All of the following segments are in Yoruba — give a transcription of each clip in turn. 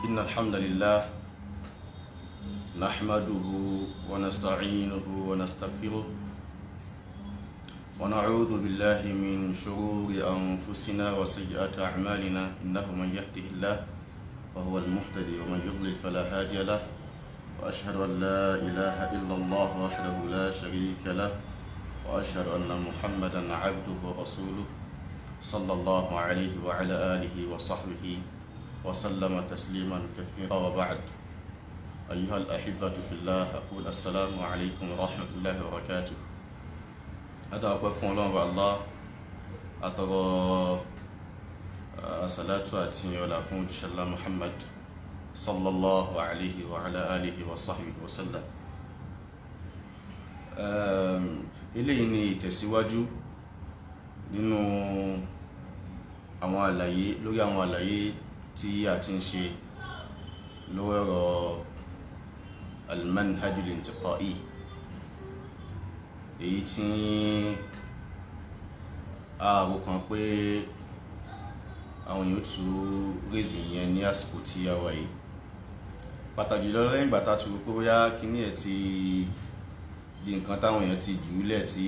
إن الحمد لله نحمده ونستعينه ونستغفره ونعوذ بالله من شرور أنفسنا وسيئات أعمالنا إنه من يهده الله فهو المهتدي ومن يضلل فلا هادي له وأشهد أن لا إله إلا الله وحده لا شريك له وأشهد أن محمدا عبده ورسوله صلى الله عليه وعلى آله وصحبه وسلم تسليما كثيرا وبعد أيها الأحبة في الله أقول السلام عليكم ورحمة الله وبركاته هذا أقول فون الله أترى salatu àti ọlá fún òjíṣẹ́lá muhammad sallallahu alaihi wa ala alihi wa sahbihi wa sallam eléyìí ni ìtẹ̀síwájú nínú àwọn àlàyé lórí àwọn àlàyé tí a ti ń ṣe lórí ọ̀rọ̀ almanhajul intiqai èyí tí a rò kàn pé àwọn yóò tún rèzì yẹn ní àsìkò tí a wà yìí pàtàkì jùlọ lẹ́yìn ìgbà tá a ti rò pé bóyá kíní ẹ̀ ti di nǹkan táwọn èèyàn ti jù ú lẹ̀ tí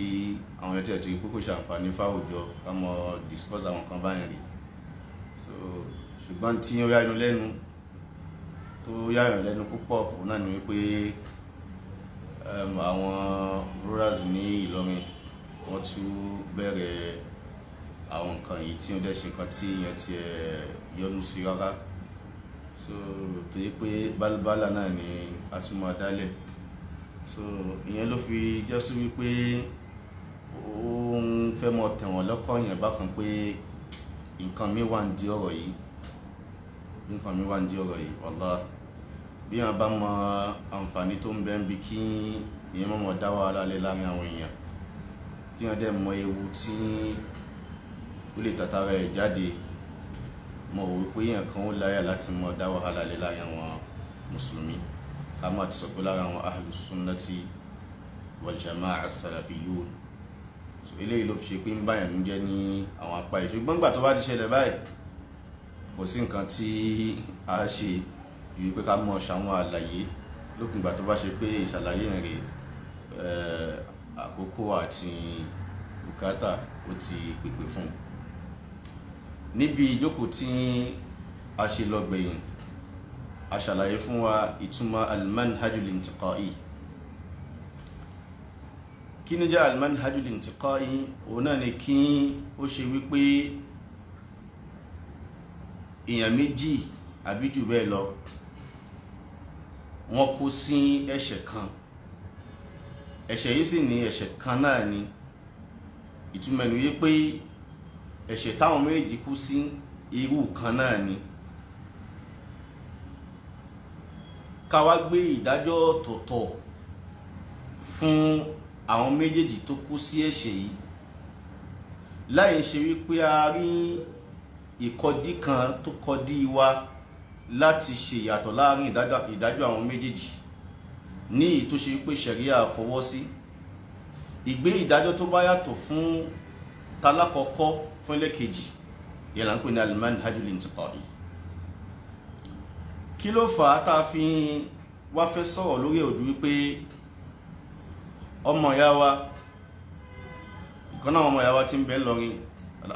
àwọn èèyàn ti rí pé kò ṣàǹfààní fáwùjọ ká mọ discuss àwọn kan báyìí rí so ṣùgbọ́n tí ó yáyọ lẹ́nu tó yáyọ lẹ́nu púpọ̀ òun náà ni wípé àwọn rurals ní Ìlọrin wọ́n tún bẹ̀rẹ̀ àwọn nǹkan yìí tí ó dẹ̀ ṣe nǹkan tí ìyẹn ti yọnu sí rárá so tó yẹ pé bálúbálà náà ni a tún máa dálẹ̀ so ìyẹn ló fi jẹ́ sí wípé ó ń fẹ́ mọ tẹ̀wọ̀n lọ́kọ̀ bákan pé nǹkan mi wà ń di ọ̀rọ̀ yìí nǹkan mi wà ní ọ̀rọ̀ yìí wàlá bí wọn bá mọ àǹfààní tó ń bẹ ń bi kí ìyẹn mọ̀mọ́ dá wàhálà lé láàrin àwọn èèyàn kí wọn dẹ̀ mọ ewu tí ó lè tàtàrà ẹ̀ jáde mo rò pé èèyàn kan ó láyà láti mọ dá wàhálà lé láàrin àwọn mùsùlùmí ká má ti sọ pé lára àwọn ahlus sunnati wal jamaa as-salafiyyun eléyìí ló fi ṣe pé ń báyàn ń jẹ́ ní àwọn apá yìí tó bá ti ṣẹlẹ̀ báyìí kò sí nǹkan tí a ṣe ìwé pé ká mọ̀ ṣàwọn àlàyé lókùngbà tó bá ṣe pé ìṣàlàyé rẹ̀ eh, àkókò àti bùkátà ó ti pèpè fún un níbi ìjókòó tí a ṣe lọ gbẹ̀yìn a ṣàlàyé fún wa ìtumọ̀ almanhajul intiqai kí ni jẹ́ almanhajul intiqai òun náà ni kí ó ṣe wípé èèyàn méjì àbí jù bẹ́ẹ̀ lọ wọ́n kó sí ẹ̀ṣẹ̀ kan ẹ̀ṣẹ̀ yìí sì ní ẹ̀ṣẹ̀ kan náà ni ìtumọ̀ ẹ̀nu yé pé ẹ̀ṣẹ̀ táwọn méjì kú sí irú kan náà ni ká wá gbé ìdájọ́ tọ̀tọ̀ fún àwọn méjèèjì tó kú sí ẹ̀ṣẹ̀ yìí láì ṣe wípé a rí ìkọdí kan tó kọdí wa láti ṣe ìyàtọ̀ láàrin ìdájọ́ àwọn méjèèjì ní ìtòṣe pé ṣẹ̀ríà fọwọ́ sí ìgbé ìdájọ́ tó bá yàtọ̀ fún talákọ̀ọ́kọ́ fún ẹlẹ́kejì yẹn ń pè ní alimani hajjul intiqadi kí ló fà á tá a fi wá fẹ́ sọ̀rọ̀ lórí òdu wípé ọmọ ìyá wa ìkànnà ọmọ ìyá wa ti ń bẹ ńlọrin al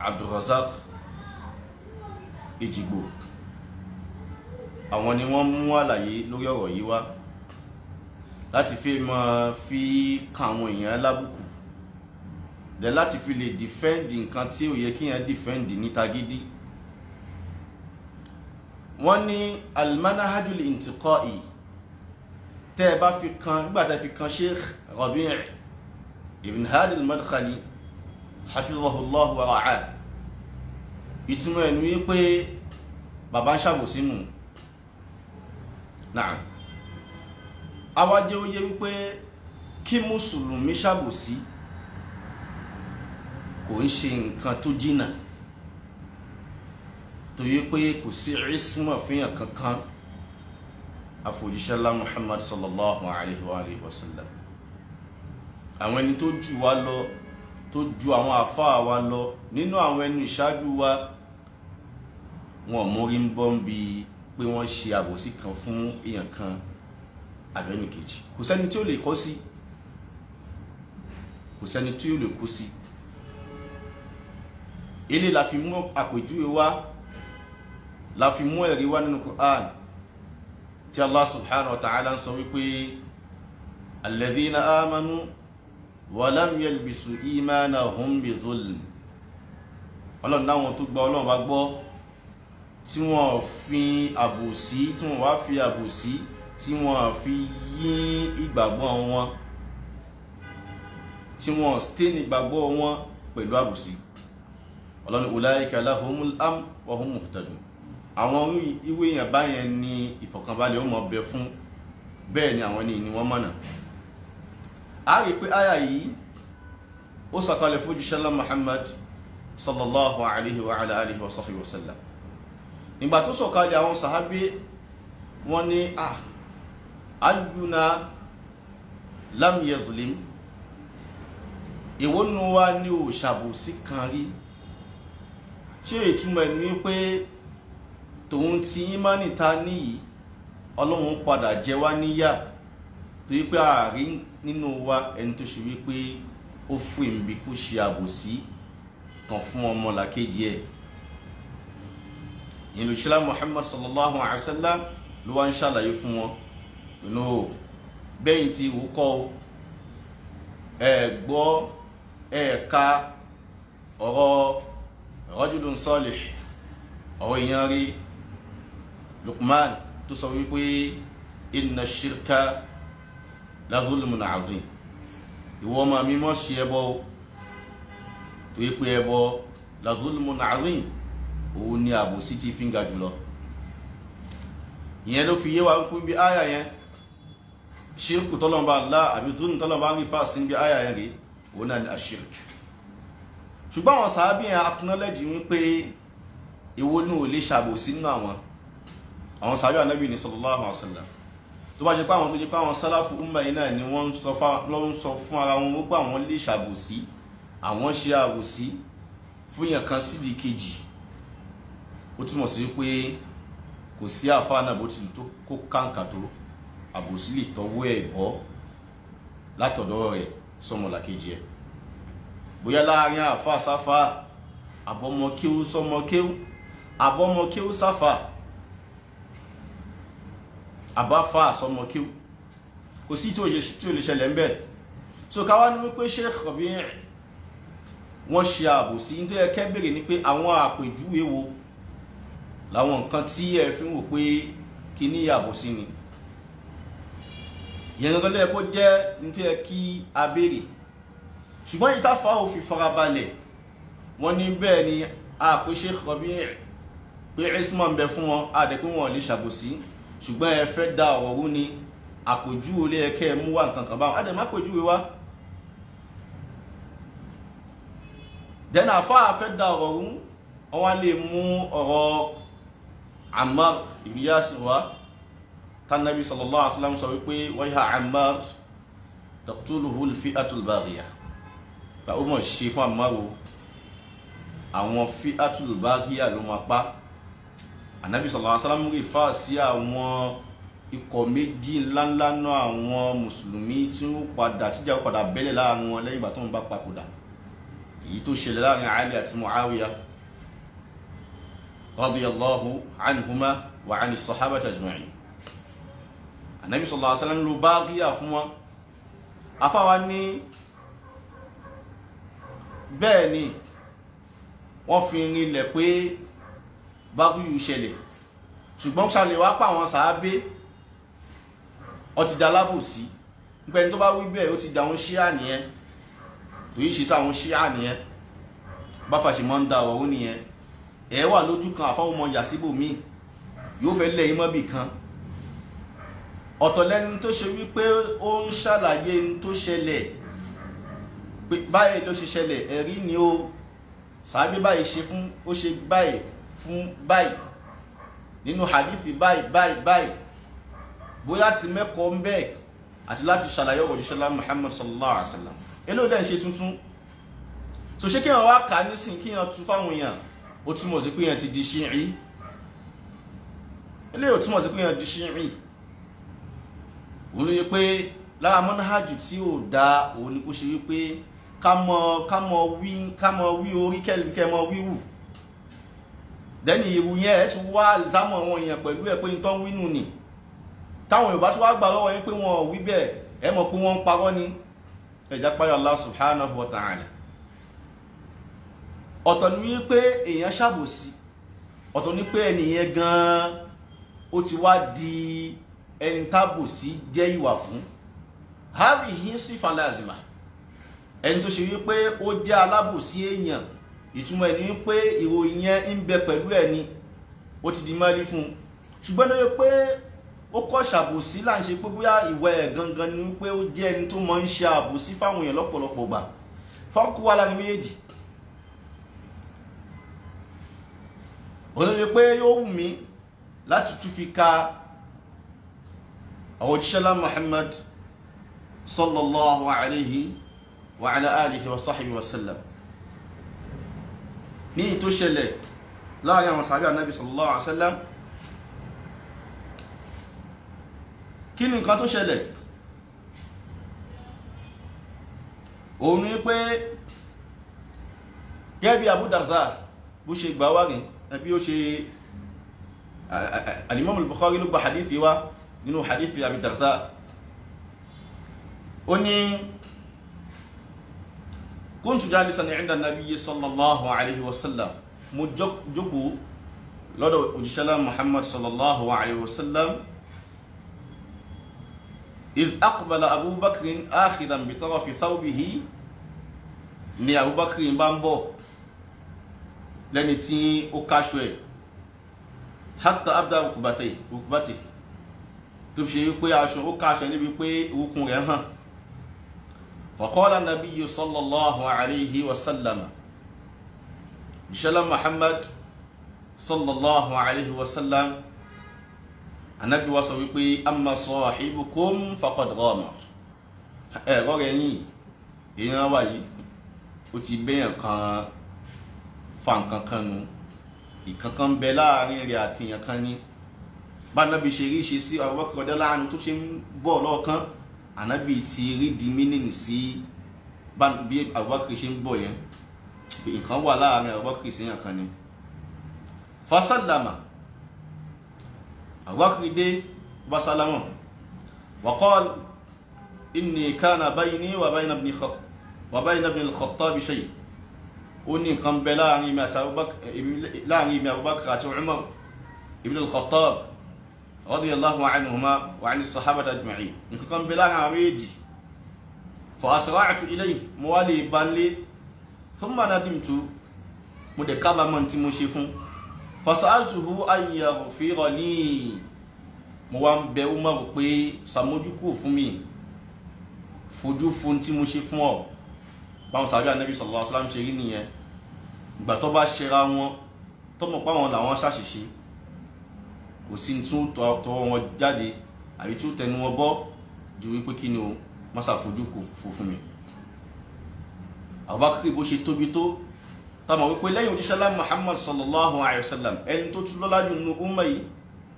abdulrasaq ejigbo àwọn ni wọ́n mú àlàyé lórí ọ̀rọ̀ yìí wá láti fi mọ́ fi kan àwọn èèyàn lábùkù dẹ̀ láti fi lè dìfẹ́ǹdì nǹkan tí ò yẹ kíyàn dìfẹ́ǹdì níta gidi wọ́n ní almanahajul intiqai tẹ́ ẹ bá fi kan nígbà fi kan sheikh rabi' ibn hadi madkhali hafizahullah wa ra'a ìtumọ̀ ẹ̀ ni wípé bàbá ń ṣàbòsí mú náà awájẹ́ ó yé wípé kí mùsùlùmí ṣàbòsí kò ń ṣe nǹkan tó jìnà tó yẹ pé kò sí ìrísùmọ̀ fihàn kankan àfòjíṣẹ́lá muhammad sallallahu alayhi wa sallam àwọn ẹni tó jù wá lọ tó ju àwọn àfáà wa lọ nínú àwọn ẹnu ìṣáájú wa wọn mórí ń bọ́ ń bi pé wọ́n ṣe àbòsí kan fún èèyàn kan àbẹ́nìkejì kò sẹ́ni tí ó lè kọ́ sí kò sẹ́ni tí ó lè kú sí eléyìí la fi mú àpèjúwe wá la fi mú ẹ̀rí wá nínú Qur'an tí Allah subhanahu wa ta'ala ń sọ wípé alladhina amanu wọ́lám yẹlbisu ìmánà hum bi zulm ọlọ́run láwọn tó gba ọlọ́run bá gbọ́ tí wọ́n fi àbòsí tí wọ́n wá fi àbòsí tí wọ́n fi yín ìgbàgbọ́ wọn tí wọ́n stain ìgbàgbọ́ wọn pẹ̀lú àbòsí ọlọ́run ulaika lahumul am wa hum àwọn ìwé yẹn báyẹn ní ìfọ̀kànbalẹ̀ ó mọ̀ fún bẹ́ẹ̀ ni àwọn ni wọn mọ̀nà a rí pé àyà yìí ó sọ̀kalẹ̀ fún jíṣẹ́ lọ Muhammad sallallahu alaihi wa alihi wa sahbihi wa sallam ìgbà tó sọ̀kalẹ̀ àwọn sàhábí wọ́n ní à ayyuna lam yazlim ìwọ́nù wa ní ò ṣàbòsí kan rí ṣé ìtumọ̀ ẹni wípé tòun ti ímánì níyì ọlọ́run padà jẹ wá níyà torí pé ààrí nínú wa ẹni tó ṣe wípé ó fún ìmìbí kó ṣe àbòsí kan fún ọmọ làkejì ẹ̀ ìlúṣẹ́lá Muhammad sallallahu alaihi wa sallam ló wá ń ṣàlàyé fún wọn nínú o bẹ́yìn tí ìwò kọ́ o ẹ gbọ́ ẹ ka ọ̀rọ̀ rajulun salih ọ̀rọ̀ èèyàn rí Luqman tó sọ wípé inna shirka lazulumun azim ìwọ ọmọ mi mọ́ ṣe ẹbọ tó yẹ pé ẹbọ lazulumun azim òun ni àbòsí ti fi ń ga jùlọ ìyẹn ló fi yé wa ń pín bí áyà yẹn ṣírkù tọ́lọ́mbà ńlá àbí zúnù tọ́lọ́mbà ń fa sí bí áyà yẹn rí òun náà ni àṣírk ṣùgbọ́n àwọn sàábì yẹn akúnálẹ́jì wípé èwo ni ò lè ṣàbòsí nínú àwọn àwọn sàábì ànábì ní sallallahu alaihi wasallam tó bá jẹ́ pé àwọn tó jẹ́ pé àwọn sálàfù umma yìí náà ni wọ́n ń sọ fún ara wọn ó gbà wọ́n lè ṣàbòsí àwọn ṣe àbòsí fún yàn kan sídìí kejì ó túmọ̀ sí pé kò sí àfáà náà bó ti lù tó kó kàǹkà tó àbòsí lè tọwọ́ ẹ̀ bọ́ látọ̀dọ̀ rẹ̀ sọmọlà kejì ẹ̀ bóyá láàrin àfáà sáfà àbọ̀mọkéwú sọmọkéwú àbọ̀mọkéwú sáfà àbáfà àsọmọ kíw kò sí tí ò lè ṣẹlẹ̀ ń bẹ̀ so káwá ní wípé Sheikh Rabi' wọ́n ṣe àbòsí ní tó yẹ kẹ́ bèrè ni pé àwọn àpèjúwe wo làwọn nǹkan tí ẹ fi ń wò pé kí ní àbòsí ni ìyẹn gangan lẹ́yìn kó jẹ́ ní tó yẹ kí a bèrè ṣùgbọ́n yìí táfa ò fi farabalẹ̀ wọ́n ní bẹ́ẹ̀ ni àpè Sheikh Rabi' pé isman bẹ fún wọn àdẹ́kùn wọn lè ṣàbòsí ṣùgbọ́n ẹ fẹ́ da ọ̀rọ̀ rú ni àpèjúwe lé ẹkẹ́ ẹ mú wá nǹkan kan báwọn á dẹ̀ má pèjúwe wá. dẹ́nà àfáà fẹ́ da ọ̀rọ̀ rú wọ́n wá lè mú ọ̀rọ̀ Ammar ibn Yasir wá tánàbí sallallahu alaihi wasallam sọ wípé wọ́n yà Ammar taqtuluhu al-fi'atul báwo mọ̀ ṣe fún Ammar àwọn fi'atul baghiyah ló máa pa anabi sallallahu alaihi wasallam rìfà sí àwọn ikọ̀ méjì ńláńlá náà àwọn mùsùlùmí tí ó padà tíjà ó padà bẹ́lẹ̀ láàrin wọn lẹ́yìn ìgbà tó ń bá papòdà èyí tó ṣẹlẹ̀ láàrin Ali àti Muawiya radiyallahu anhuma wa ani sahabati ajma'in anabi sallallahu alaihi ló bá gíyà fún wọn afáwa ní bẹ́ẹ̀ ni wọ́n fi rinlẹ̀ pé bákúyù ṣẹlẹ̀ ṣùgbọ́n ṣàlẹ̀ wá pa àwọn sàábé ó ti da lábòsí nípa ẹni tó bá wí bẹ́ẹ̀ ó ti da àwọn ṣíà nìyẹn tòyí ṣe sáwọn ṣíà nìyẹn báfà ṣe máa ń da ọ̀hún nìyẹn ẹ̀ wà lójú kan àfáwọn ọmọ yàsíbò míì yóò fẹ́ lẹ́yìn mọ́bì kan ọ̀tọ̀ lẹ́ni tó ṣe wípé ó ń ṣàlàyé ní tó ṣẹlẹ̀ báyìí ló ṣe ṣẹlẹ̀ ẹ̀rí ni ó sàábé báyìí ṣe fún ó ṣe báyìí fún báyìí nínú hadithi báyìí báyìí báyìí bóyá láti mẹ́kọ̀ọ́ ń bẹ́ẹ̀ àti láti ṣàlàyé òjíṣẹ́ lá Muhammad sallallahu alaihi wasallam, sallam eléyìí dẹ́n ṣe tuntun tó ṣé kéèyàn wá kà á nísìn kéèyàn tún fáwọn èèyàn ó túmọ̀ sí pé èèyàn ti di ṣírí eléyìí ó túmọ̀ sí pé èèyàn di ṣírí òun ló yẹ pé lára mọ́náhàjù tí ò da òun ni kó ṣe wípé ká mọ ká mọ wí ká mọ wí orí kẹ́lẹ́kẹ́ mọ wíwù then ìrù yẹn ẹ ti wá ìsámọ̀ àwọn èèyàn pẹ̀lú ẹ pé nǹkan wínú ni táwọn Yorùbá tí wàá gbà lọ́wọ́ yín pé wọn wí bẹ́ẹ̀ ẹ mọ̀ pé wọ́n ń parọ́ ni ẹ̀já parí Allah subhanahu wa ta'ala ọ̀tọ̀ ni wípé èèyàn ṣàbòsí ọ̀tọ̀ ni pé ẹnìyẹn gan-an ó ti wá di ẹni tábòsí jẹ́ ìwà fún harry hinsi falazima ẹni tó ṣe wípé ó jẹ́ alábòsí èèyàn ìtumọ̀ ẹni wípé ìròyìn yẹn ń bẹ pẹ̀lú ẹ̀ ni ó ti di mọ́lí fún un ṣùgbọ́n lóye pé ó kọ́ ṣàbòsí là ń ṣe pé bóyá ìwà ẹ̀ gangan ni wípé ó jẹ́ ẹni tó máa ń ṣe àbòsí fáwọn èèyàn lọ́pọ̀lọpọ̀ gbà fọ́nkú wa lára méjèèjì olóye pé yóò wù mí láti tún fi ka àwọn òjíṣẹ́lá Muhammad sallallahu alayhi wa ala wa sallam ní ìtó ṣẹlẹ̀ láàrin àwọn sàbí ànábì sallallahu alaihi wasallam kí ni nǹkan tó ṣẹlẹ̀ òun ni pé gẹ́gẹ́ bí Abu Darda bó ṣe gbà wá rìn ẹbí ó ṣe alimami Bukhari ló gba hadithi wa nínú hadithi Abu ó ní. كنت جالسا عند النبي صلى الله عليه وسلم mo jókòó lọ́dọ̀ محمد صلى الله عليه وسلم sallam idh aqbala abubakar akhidan bi tarafi thawbihi ni abubakar bá ń bọ̀ lẹ́ni tí ó káṣọ ẹ̀ hatta abda rukubate rukubate tó fi ṣe wípé aṣọ ó káṣọ níbi pé orúkún rẹ̀ hàn فقال النبي صلى الله عليه وسلم جل محمد صلى الله عليه وسلم anabi wa sọ wípé amma sahibukum faqad ghamar ẹ gbọ́dọ̀ ẹ̀yìn èèyàn wà yìí ó ti bẹ́yàn kan fa nǹkan kan nu ìkankan bẹ láàrin rẹ̀ àti èèyàn kan ní bá nábi ṣe rí ṣe sí Abubakar radiyallahu anhu tó ṣe ń bọ̀ lọ́ọ̀kan ànábì ti rí di mínínì sí bí Abubakar ṣe ń bọ̀ yẹn nǹkan wà láàrin Abubakar sí yàn kan ni fasalama Abubakar dé basalama waqal inni kana bayni wa bayna ibn wa bayna ibn al-Khattab shay ó ní nǹkan bẹ láàrin mi àti eh, Abubakar àti Umar ibn al-Khattab radiyallahu anhuma wa ani sahabata ajma'in nǹkan kan bẹ láàrin àwọn èjì fa asra'tu ilayhi mo wá lè bá ń lé thumma nadimtu mo dẹ̀ kábàámọ̀ tí mo ṣe fún fa sa'altuhu an yaghfira li mo wá ń bẹ umaru pé sàmójúkú fún mi fojú fún tí mo ṣe fún ọ báwọn sàbí anabi sallallahu alaihi wasallam ṣe rí nìyẹn ìgbà tó bá ṣera wọn tó mọ̀ pé àwọn làwọn ṣàṣìṣe kò sí ní tí ó tọwọ́ wọn jáde àbí tí ó tẹnu wọn bọ́ ju wípé kí ni o má ṣàfojú kò fò fún mi. Abubakar bó ṣe tóbi tó táwọn wípé lẹ́yìn òjíṣẹ́ lá Muhammad sallallahu alayhi wa sallam ẹni tó tún lọ́lá jù nínú umma yìí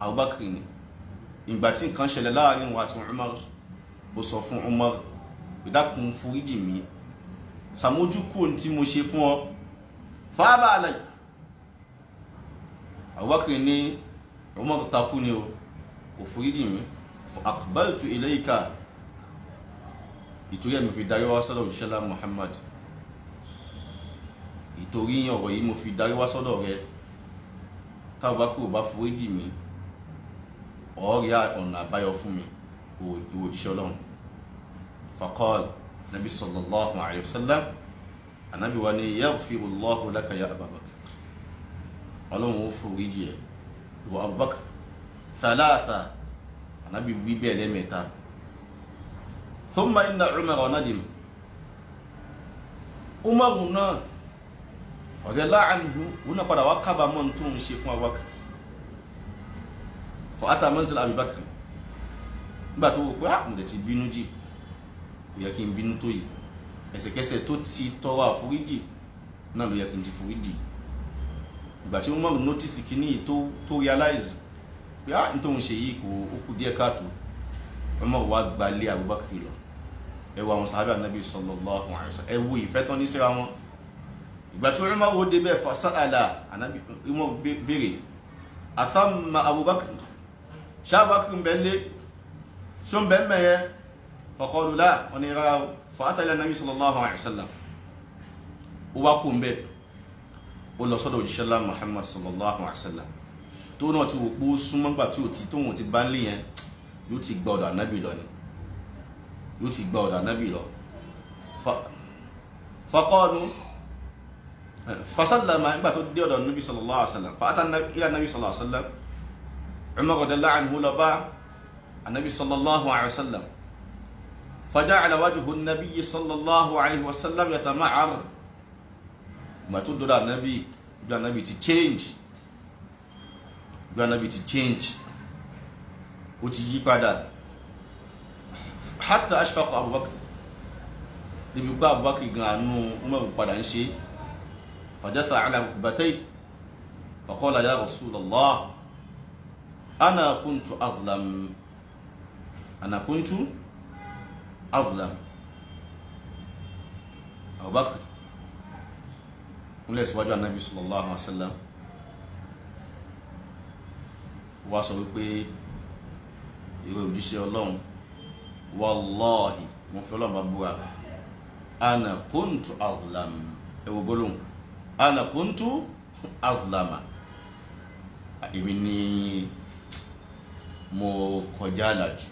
Abubakar ni ìgbà tí nǹkan ṣẹlẹ̀ láàrin wa àti Umar ó sọ fún Umar ìdákun foríjì mi ṣàmójú kúrò tí mo ṣe fún ọ fáábà àlàyé Abubakar ni. Umar takú ni o kò foríjì mi aqbaltu ilayka ìtorí ẹ̀mí fi darí wá sọ́dọ̀ òjíṣẹ́lá Muhammad ìtorí ọ̀rọ̀ yìí mo fi darí wá sọ́dọ̀ rẹ táwọn bá kúrò bá foríjì mi ọ̀ọ́rẹ́ ọ̀nà àbáyọ fún mi ìwò òjíṣẹ́ ọlọ́run faqal nabi sallallahu alayhi wa sallam anabi wa ni yaghfirullahu laka ya Ababakar ọlọ́run ó foríjì ẹ̀ ìwọ abubakar salasa anabi wí bẹ́ẹ̀ lẹ́mẹ̀ta thumma inna umar nadim umar náà radiyallahu anhu òun náà padà wá kábàámọ̀ tó ń ṣe fún abubakar fọ atamansil abubakar nígbà tó wò pé àmọ̀dẹ̀ ah, ti bínú jì kò yẹ kí n bínú tó yìí ẹsẹ̀kẹsẹ̀ tó ti tọrọ àforíjì náà ló yẹ kí n ti foríjì yìí ìgbà tí Umar notice kínní yìí tó tó realize pé ah nítorí òun ṣe yìí kò ó kù díẹ̀ káàtó Umar wá gbalé Abubakar lọ ẹ wo àwọn sàhábà Ànábì sallallahu alaihi wasallam ẹ wo ìfẹ́ tán ní síra wọn ìgbà tí Umar wo débẹ̀ fasa'ala Ànábì Umar béèrè athamma Abubakar ṣé Abubakar ń bẹ lé ṣó ń bẹ mẹ́yẹ faqalu la wọn ni rárá o fa'atala Ànábì sallallahu alaihi wasallam ó wá kó ń bẹ́ẹ̀ ó lọ sọ́dọ̀ òjíṣẹ́ lá Muhammad sallallahu alaihi wa sallam tó náà ti wò pé ó súnmọ́ gbà tí ò ti tóun ti bá ń lè yẹn yóò ti gba ọ̀dọ̀ ànábì lọ ni yóò ti gba ọ̀dọ̀ ànábì lọ fakọ́nu fasalama nígbà tó dé ọ̀dọ̀ ànábì sallallahu alaihi wa sallam fa'ata ila ànábì sallallahu alaihi wa sallam Umar radiyallahu anhu lọ bá sallallahu alaihi wa sallam faja'ala wajhu an sallallahu alaihi wa sallam yatama'ar ìgbà tó dọ́dọ̀ ànábì ìgbà ànábì ti change ìgbà ànábì ti change ó ti yí padà hata ashfaqa abubakar níbi pé abubakar gan àánú umar padà ń ṣe fàjásà ala rukbatayhi faqala ya rasulallah ana kuntu azlam ana kuntu azlam abubakar kúnlẹ̀ síwájú anabi sallallahu alaihi wasallam wá sọ wípé ìwé òjíṣẹ́ ọlọ́run wallahi mo fi ọlọ́run bá búra ana kuntu azlam ewu gbólóhùn ana kuntu azlama èmi ni mo kọjá àlàjù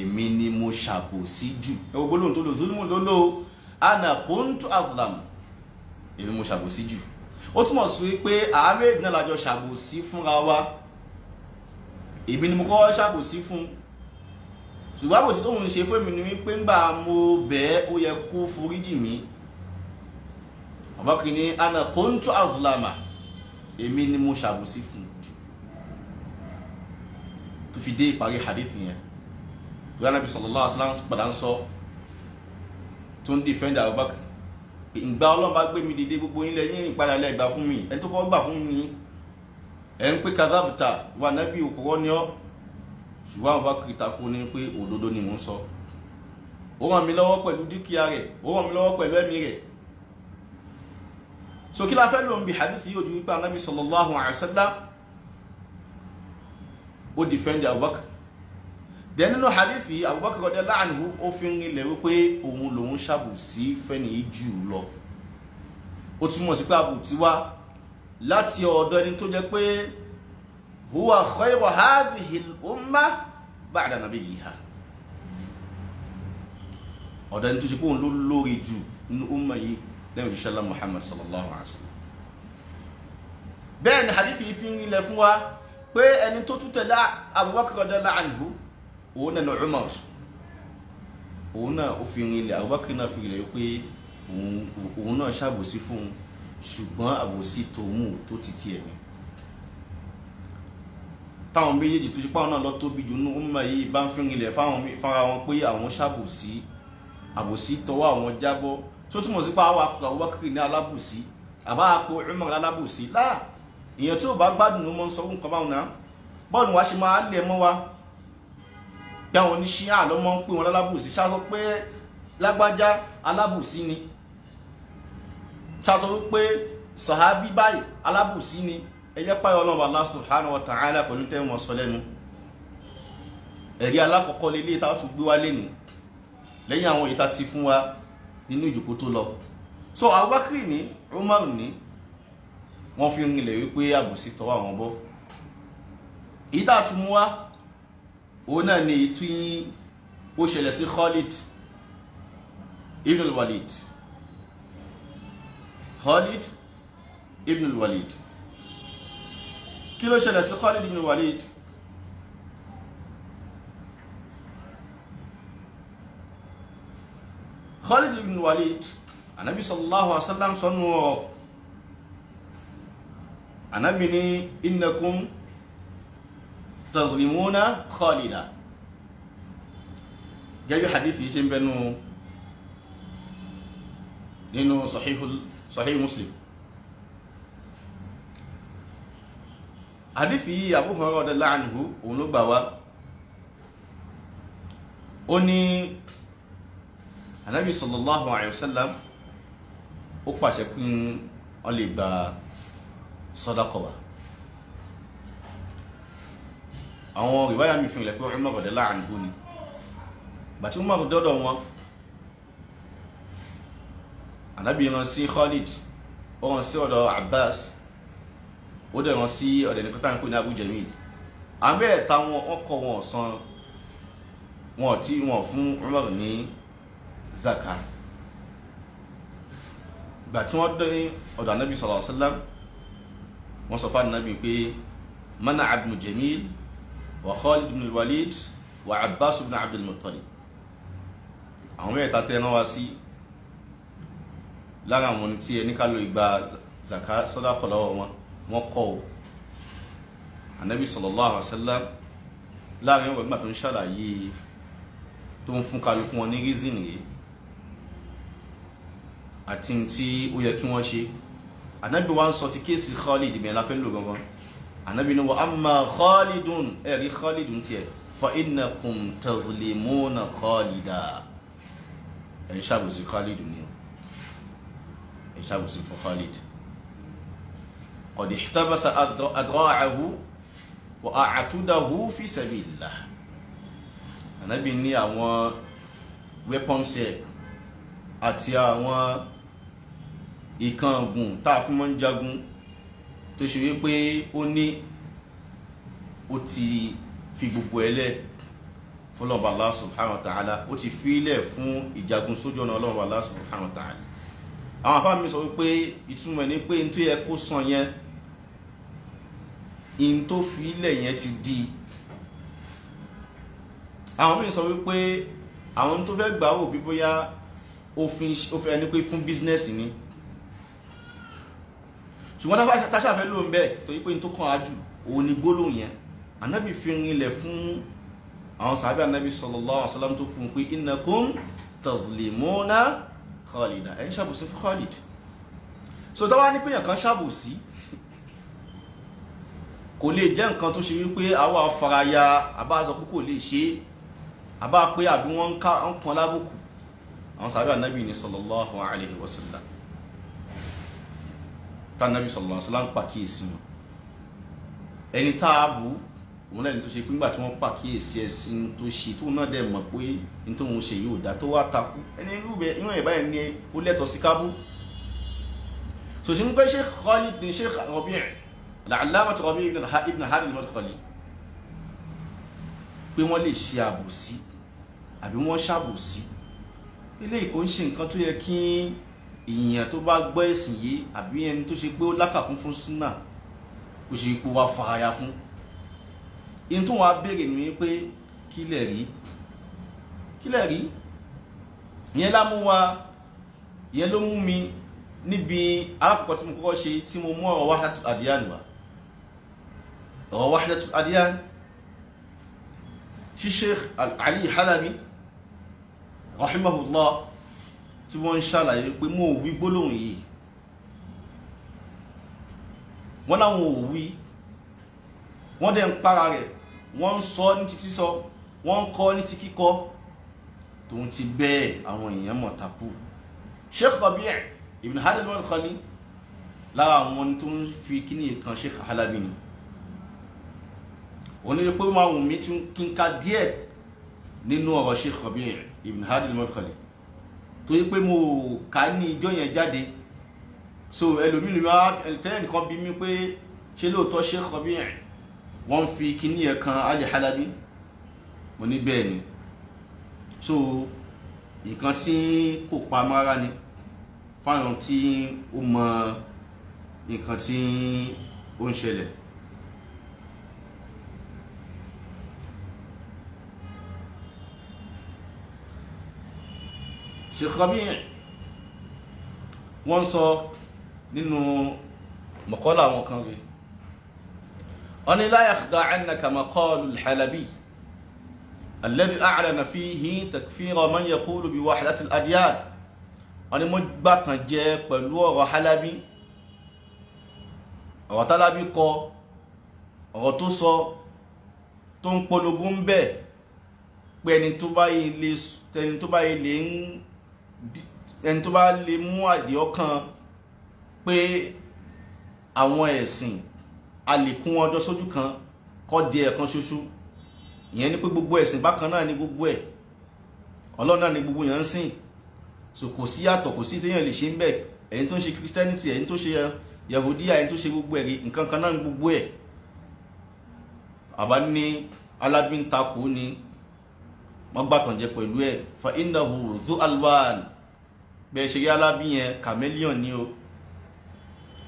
èmi ni mo ṣàbòsí jù ewu gbólóhùn tó lò zulmu lólò ana kuntu azlam èmi mo ṣàbòsí jù ó túmọ̀ sí pé àárẹ̀ náà lájọ ṣàbòsí fúnra wa èmi ni mo kọ́ ṣàbòsí fún ṣùgbọ́n àbòsí tóun ṣe fún mi ni wípé ńgbà mo bẹ́ẹ̀ ó yẹ kó foríjì mi ọ̀bákin ní ana kóńtó àfúlàmà èmi ni mo ṣàbòsí fún jù tó fi dé ìparí hadith yẹn tó yára bí sallallahu alaihi wasallam padà ń sọ tó ń dìfẹ́ndì Abubakar ìgbà ọlọ́run bá gbé mi dìde gbogbo yín lẹ́yìn ìpadà lẹ́ gbà fún mi ẹni tó kọ́ gbà fún mi ẹ̀ ń pé kazabta wà nábì òkúrọ́ ni ọ́ ṣùgbọ́n àwọn bá kiri takú ni pé òdodo ni mò ń sọ ó ràn mí lọ́wọ́ pẹ̀lú dúkìá rẹ̀ ó ràn mí lọ́wọ́ pẹ̀lú ẹ̀mí rẹ̀ so kí la fẹ́ lò ń bi hadith yìí ojú wípé anabi sallallahu alayhi wa ó dìfẹ́ndì Abubakar dẹ nínú hadithi Abubakar ọdẹ láàánú ó fi ń rinlẹ̀ wípé òun lòun ṣàbùsí fẹ́ni jù lọ ó túmọ̀ sí pé àbùtí wá láti ọ̀dọ̀ ẹni tó jẹ́ pé huwa khayru hadhihi al-umma ba'da nabiyyiha ọ̀dọ̀ ẹni tó ṣe pé òun ló lórí jù nínú umma yìí lẹ́yìn ìṣẹ́lá Muhammad sallallahu alaihi wa sallam bẹ́ẹ̀ ni hadithi fi ń rinlẹ̀ fún wa pé ẹni tó tún tẹ̀lé Abubakar ọdẹ láàánú òun náà ní Umar òun náà ó fi rinlẹ̀ Abubakar náà fi rinlẹ̀ pé òun náà ṣàbòsí fún un ṣùgbọ́n àbòsí tòun tó ti tiẹ̀ ni táwọn méjèèjì tó ṣe pé àwọn náà lọ tóbi jù nínú ọmọ yìí bá ń fi rinlẹ̀ fára wọn pé àwọn ṣàbòsí àbòsí tọwọ́ àwọn jábọ́ tó túmọ̀ sí pé àwọn àpò Abubakar ní alábòsí àbá àpò Umar alábòsí láà ìyẹn tí ò bá gbádùn ló mọ ń sọ fún nǹkan báwọn náà bọ́ọ̀lù wa ṣe máa lẹ̀ mọ́ wa gbá oníṣíà ló máa ń pè wọn lálábùsí ṣá sọ pé lágbájá alábùsí ni ṣá sọ wípé sàhábí báyìí alábùsí ni ẹ jẹ́ páyọ Ọlọ́run Allah subhanahu wa ta'ala pẹ̀lú tẹ́ wọn sọ lẹ́nu ẹ̀rí alákọ̀ọ́kọ́ lélẹ́yìí tá a tún gbé wá lẹ́nu lẹ́yìn àwọn èyí tá a ti fún wa nínú ìjòkó tó lọ so Abubakar ní Umar ní wọ́n fi rinlẹ̀ wípé àbòsí tọwọ́ àwọn bọ́ èyí tún mú wá òun náà ni tí ó ṣẹlẹ̀ sí Khalid ibn al-Walid Khalid ibn al-Walid kí ló ṣẹlẹ̀ sí Khalid ibn al-Walid Khalid ibn al-Walid anabi sallallahu alaihi wasallam sọnù ọ anabi ní innakum tazlimuna khalida gẹ́gẹ́ hadithi ṣe ń bẹnu nínú sahih muslim hadithi yìí Abu Hurairah radiyallahu anhu òun ló gbà wá ó ní anabi sallallahu alayhi wa sallam ó pàṣẹ fún ọ lè gba sadaqa àwọn ìwáyà mi fìlẹ̀ pé Umar radiyallahu anhu ni bàtí Umar dọ́dọ̀ wọn ànábì rán sí Khalid ó rán sí ọ̀dọ̀ Abbas ó dẹ̀ rán sí ọ̀dẹ̀ nìkan táwọn pè ní Abu Jamil àbẹ́ ẹ̀ta wọn wọn kọ wọn ọ̀sán wọn tí wọn fún Umar ní zaka gbà tí wọ́n ọ̀dọ̀ ànábì sallallahu alaihi wasallam wọ́n sọ fún ànábì pé mana abdul jamil wa Khalid ibn al-Walid wa Abbas ibn Abdul Muttalib àwọn mẹ́ta tẹ́ rán wa sí lára àwọn tí ẹni ká ló ìgbà zaka sọ́dákọ̀ lọ́wọ́ wọn wọ́n kọ́ o anabi sallallahu alaihi wasallam láàrin ọgbà tó ń ṣàlàyé tó ń fún kálukú wọn ní rízìn rèé àti tí ó yẹ kí wọ́n ṣe anabi wa ń sọ ti kéèsì Khalid ìdìbò yẹn la fẹ́ lò gangan anabi ni wa amma khalidun ẹ̀rí khalidun tiẹ̀ fa innakum tazlimuna khalida ẹ̀ ń ṣàbòsí khalidun ni ẹ̀ ń ṣàbòsí fún khalid qad ihtabasa adra'ahu wa a'tudahu fi sabilillah anabi ní àwọn weapons ẹ̀ àti àwọn ìkan ọ̀gùn tá a fún mọ́ ń jagun tó ṣe wípé ó ní ó ti fi gbogbo ẹ lẹ̀ fọlọ́ba Allah subhanahu wa ta'ala ó ti fi lẹ̀ fún ìjagun sójú ọ̀nà ọlọ́run Allah subhanahu wa ta'ala àwọn afá mi sọ wípé ìtumọ̀ ni pé n tó yẹ kó san yẹn n tó fi lẹ̀ yẹn ti di àwọn mi sọ wípé àwọn tó fẹ́ gbà wò bí bóyá òfin ẹni pé fún bísínẹ́sì ni ṣùgbọ́n táṣà fẹ́ ló ń bẹ̀ torí pé n tó kàn á jù òun ni gbólóhùn yẹn ànábì fi rinlẹ̀ fún àwọn sàbí ànábì sallallahu alaihi wasallam tó kún pé innakum tazlimuna Khalida ẹ̀ ń ṣàbòsí fún Khalid so táwa ní péyàn kan ṣàbòsí kò lè jẹ́ nǹkan tó ṣe wípé àwa faraya àbá sọ pé kò lè ṣe àbá pé àbí wọ́n ń kan lábùkù àwọn sàbí ànábì ní sallallahu alaihi wasallam tánàbí sallallahu alaihi wasallam ń pàkíyèsí wọn ẹni tá a bù òun lẹ́ni tó ṣe pé nígbà tí wọ́n pàkíyèsí ẹ̀sìn tó ṣe tóun náà dẹ̀ mọ̀ pé ní tóun ṣe yóò dá tó wá takú ẹni irúbẹ ìwọ̀n ìbá yẹn ni ó lẹ́tọ̀ọ́ sí kábú sòṣì ń pẹ́ Sheikh Khalid ní Sheikh Rabi' al-Allamah Rabi' ibn Hadi al-Madkhali pé wọ́n lè ṣe àbòsí àbí wọ́n ṣàbòsí eléyìí kò ń ṣe nǹkan tó yẹ kí èèyàn tó bá gbọ́ ẹ̀sìn yìí àbí ẹni tó ṣe pé ó lákàkún fún súnà kò ṣe pé wàá faraya fún ihun tó wọn á béèrè ni pé kí lẹ̀ rí kí lẹ̀ rí ìyẹn lámú wa ìyẹn ló mú mi níbi alákọ̀ọ́kọ́ tí mo kọ́kọ́ ṣe tí mo mú ọ̀rọ̀ wáhátù àdíyàn wá ọ̀rọ̀ wáhátù àdíyàn ṣí Sheikh al rahimahullah tí wọ́n ń ṣàlàyé pé mo ò wí gbólóhùn yìí wọ́n láwọn ò wí wọ́n dẹ̀ ń para rẹ̀ wọ́n ń sọ ní ti sísọ wọ́n ń kọ́ ní ti kíkọ́ tòun ti bẹ́ẹ̀ àwọn èèyàn mọ̀ takú Sheikh Rabi' ibn Hadil al-Madkhali lára àwọn tó ń fi kíní kan Sheikh Halabi ni òun ni pé máa wù mí kí n ka díẹ̀ nínú ọ̀rọ̀ Sheikh Rabi' ibn Hadil al-Madkhali torí pé mo kà á ní ijó yẹn jáde so ẹlòmíì lómi wá tẹ́lẹ̀ nìkan bí mi pé ṣé lóòótọ́ ṣe kọ́ bí yẹn wọ́n fi kíní yẹn kan Ali Halabi mo ní bẹ́ẹ̀ ni so nǹkan tí kò pa mọ́ra ni fáwọn tí ó mọ nǹkan tí ó ń ṣẹlẹ̀. Sheikh Rabi' wọ́n sọ nínú mọ̀kọ́lá àwọn kan rẹ̀ wọ́n ní la yakhda'annaka maqalu al-Halabi alladhi a'lana fihi takfira man yaqulu bi wahdati al-adyan wọ́n ní mo gbà kan jẹ́ pẹ̀lú ọ̀rọ̀ Halabi ọ̀rọ̀ tálábí kọ ọ̀rọ̀ tó sọ tó ń polówó ń bẹ̀ pé ẹni tó bá lè ń ẹni tó bá lè mú àdì ọkàn pé àwọn ẹ̀sìn àlékún ọjọ́ sójú kan kọ́ di ẹ̀kan ṣoṣo ìyẹn ni pé gbogbo ẹ̀sìn bákan náà ni gbogbo ẹ̀ ọlọ́run náà ni gbogbo yẹn ń sìn so kò sí yàtọ̀ kò sí téèyàn lè ṣe ń bẹ̀ ẹni tó ń ṣe christianity ẹni tó ṣe yahudiya ẹni tó ṣe gbogbo ẹ̀rí nǹkan kan náà ni gbogbo ẹ̀ àbá ní alábíntakò ni wọ́n gbàtànjẹ pẹ̀lú ẹ̀ fa innahu dhu alwan bẹ́ẹ̀ ṣe rí Alábí yẹn chameleon ni o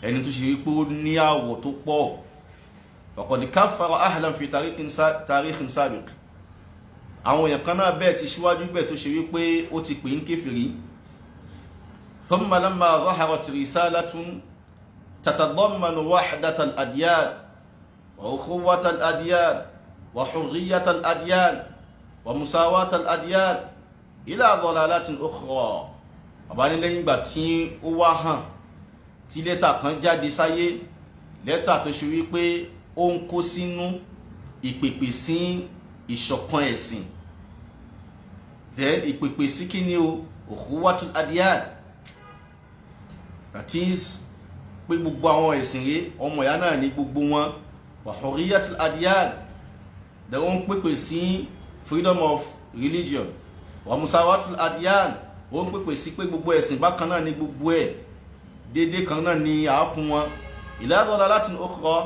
ẹni tó ṣe wípé ó ní àwọ̀ tó pọ̀ ọ̀kọ̀dì káfàrà ahlan fi tarihin sabiq àwọn èèyàn kan náà bẹ́ẹ̀ ti ṣíwájú bẹ́ẹ̀ tó ṣe wípé ó ti pè ń kéfìrí thumma lamma zaharat risalatun tatadammanu wahdata al-adyan wa ukhuwata al-adyan wa hurriyata al-adyan wa musawata al-adyan ila dalalatin ukhra bàbá ní lẹ́yìn ìgbà tí ó wá hàn tí lẹ́tà kan jáde sáyé lẹ́tà tó ṣe wípé ó ń kó sínú ìpèpè sí ìṣọ̀kan ẹ̀sìn then ìpèpè sí kí ni o òkúwàtú adiyad that is pé gbogbo àwọn ẹ̀sìn rẹ̀ ọmọ ìyá náà ní gbogbo wọn wàhóríyàtú adiyad then ó ń pèpè sí freedom of religion wàmúsáwàtú adiyad ó ń pèpè sí pé gbogbo ẹ̀sìn bákan náà ni gbogbo ẹ̀ déédé kan náà ni à á fún wọn ìlànà láti ó kọ́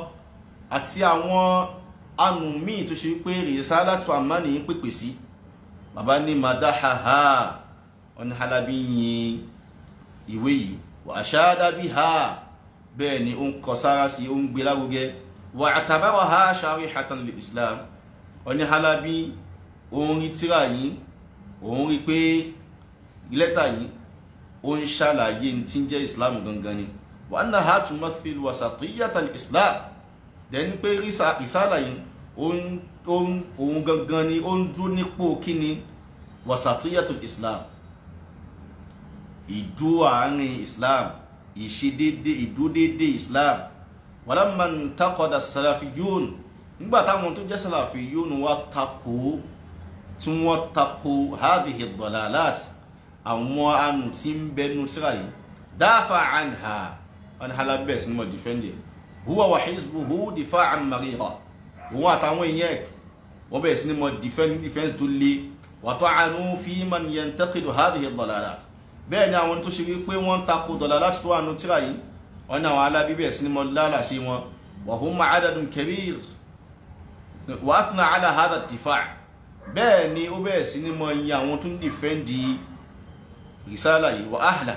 àti àwọn anù míì tó ṣe pé risalatu amani ń pèpè sí bàbá ní madahaha ọ̀nà halabi yin ìwé yìí wà á ṣáádá ha bẹ́ẹ̀ ni ó ń kọ sára sí ó ń gbé lárugẹ wà á tàbáwà ha sharihatan lil Islam ọ̀nà halabi òun rí tíra yìí òun rí pé lẹ́tà yìí ó ń ṣàlàyé ní tí ń jẹ́ islam gangan ni wa annaha tumathil wasatiyyata al-islam dẹ́ni pé risala yìí òun gangan ni ó ń dúró nípò kíni wasatiyyata al-islam ìdúró àárín islam ìṣedéédé ìdúródéédé islam walamma intaqada salafiyun nígbà táwọn tó jẹ́ salafiyun wá takò tí wọ́n takò hadhihi ad-dalalat àwọn anù tí ń bẹnu síra yìí dáfà anha anhala bẹ́ẹ̀ sinimọ̀ dìfẹ́ndì huwa wa hizbuhu difa'an mariha òun àtàwọn èèyàn ẹ̀ wọ́n bẹ̀rẹ̀ sinimọ̀ dìfẹ́ǹsì tó le wàtọ́ àánú fi man yantaqidu hadhihi dalalat bẹ́ẹ̀ ni àwọn tó ṣe wípé wọ́n ń takò dalalat tó àánú tíra yìí wọ́n ní àwọn alábíbẹ̀ sinimọ̀ lálà sí wọn wa hum adadun kabir wa ala hadha difa bẹ́ẹ̀ ni ó bẹ̀rẹ̀ sinimọ̀ yin àwọn tó ń dìfẹ́ǹdì risala yìí wà áhàlà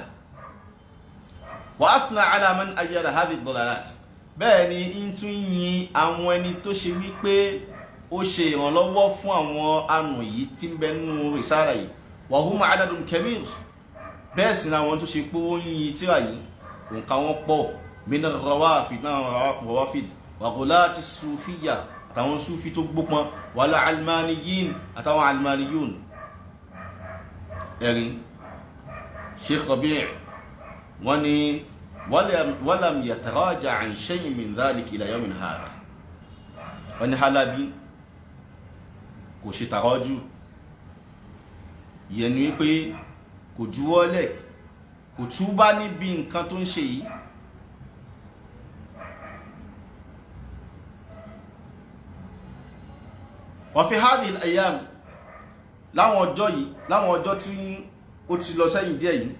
wà áfìnà alaman ayára hadi dolarat bẹ́ẹ̀ ni n tún yin àwọn ẹni tó ṣe wípé ó ṣe ìrànlọ́wọ́ fún àwọn àrùn yìí tí ń bẹ nínú risala yìí wà húmọ̀ adadun kẹbíir bẹ́ẹ̀ sì ni àwọn tó ṣe pé ó ń yin tíra yìí òǹkà wọn pọ̀ mina rawafid náà rawafid wàgùlá ti sufiya àtàwọn sufi tó gbópọn wàlá almaniyin àtàwọn almaniyun sheikh rabi' wọ́n ní wàlám yàtàràjà an shay'in min dhalika ila yawmin hàrà wọ́n ní halabi kò ṣe tàrọ́jú yẹn ni pé kò juwọ́lẹ̀ kò túbá níbi nǹkan tó ń ṣe yìí wọ́n fi hadhihi al-ayyam láwọn ọjọ́ yìí láwọn ọjọ́ tí ó ti lọ sẹ́yìn díẹ̀ yìí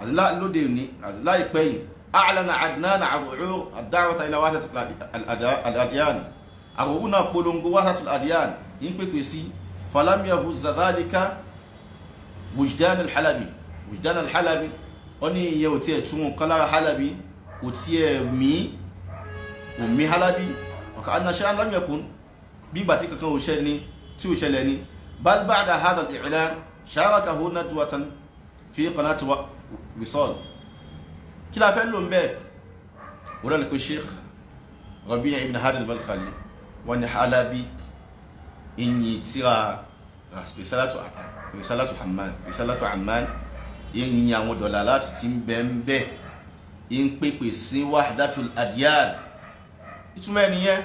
àti lóde òní àti láìpẹ́ yìí àlànà àdínánà àwòrán àdáwọ̀ta ilẹ̀ wàtàtù àdìyàn àwòrán náà polongo wàtàtù àdìyàn yìí pépè sí falamiyahu zadalika wujdan alhalabi wujdan alhalabi wọ́n ní ìyẹn ò tiẹ̀ tún kan lára halabi kò tiẹ̀ mí kò mí halabi ọ̀ka anáṣẹ́ alámiyẹ̀kún bí ìgbà tí kankan ò ṣẹlẹ̀ ni tí ò ṣẹlẹ̀ ni bal ṣàràkàhó nàtúwàtàn fi qanati Wisal kí la fẹ́ lò ń bẹ́ẹ̀ wọ́n lọ́nà pé Sheikh Rabi' ibn Hadi al-Madkhali wọ́n ní Halabi ìyìn tíra risalatu Amman risalatu Amman ìyìn àwọn dọ̀là láti ti ń bẹ́ ń wahdatul adyan ìtumọ̀ ẹ̀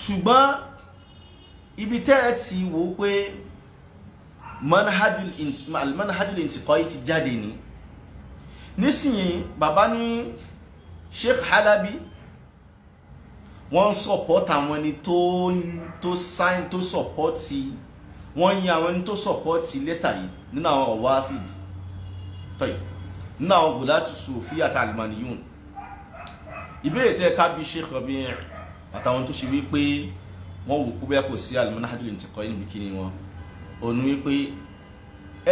ṣùgbọ́n ibi tẹ́ ẹ ti wò ó pé manhajul intiqai ti jáde ní nísìnyí bàbá ní Sheikh Halabi wọ́n support àwọn ẹni tó tó sign tó support wọ́n yin àwọn ẹni tó support lẹ́tà yìí nínú àwọn ọ̀wáfíìdì tọ́yì nínú àwọn gùlátù sùfí àti almaniyun ìbéèrè tẹ́ ká bí Sheikh Rabi' àtàwọn tó ṣe wípé wọ́n wò kú bẹ́ẹ̀ kò sí alimanahadu ìtìkọ́ yìí níbi kíni wọn òun wípé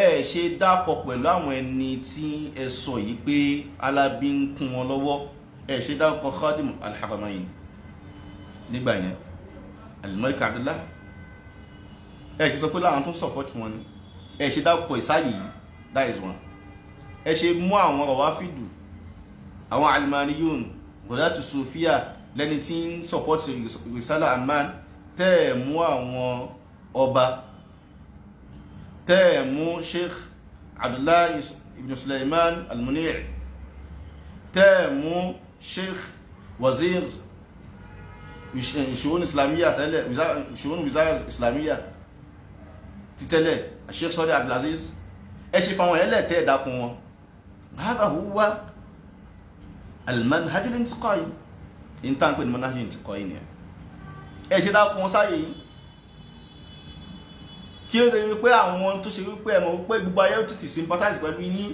ẹ ṣe dákọ̀ pẹ̀lú àwọn ẹni tí ẹ sọ yìí pé alábí ń kún wọn lọ́wọ́ ẹ ṣe dákọ̀ khadim alharamayin nígbà yẹn alimọ́lì kabila ẹ ṣe sọ pé láwọn tó ń support wọn ni ẹ ṣe dákọ̀ ìsáyè yìí that is one ẹ ṣe mú àwọn rọwáfídù àwọn alimaniyun gọdátù sofia lẹni tí ń support risala amman tẹ́ ẹ̀ mú àwọn ọba tẹ́ ẹ̀ mú sheikh abdullahi ibn suleiman almunir tẹ́ ẹ̀ mú sheikh wazir ìṣòwòn islamiyya tẹ́lẹ̀ ìṣòwòn wizara islamiyya títẹ́lẹ̀ sheikh sọ́dí abdulaziz ẹ ṣe fáwọn ẹlẹ́ tẹ́ ẹ̀ dákun wọn hada huwa almanhajul intiqai in tá à ń pè ní manhajul intiqai nìyẹn ẹ ṣe dá fún wọn sáyè yìí kí ló dé wípé àwọn tó ṣe wípé ẹ mọ̀ wípé gbogbo ayé ó tètè sympathize pẹ̀lú yín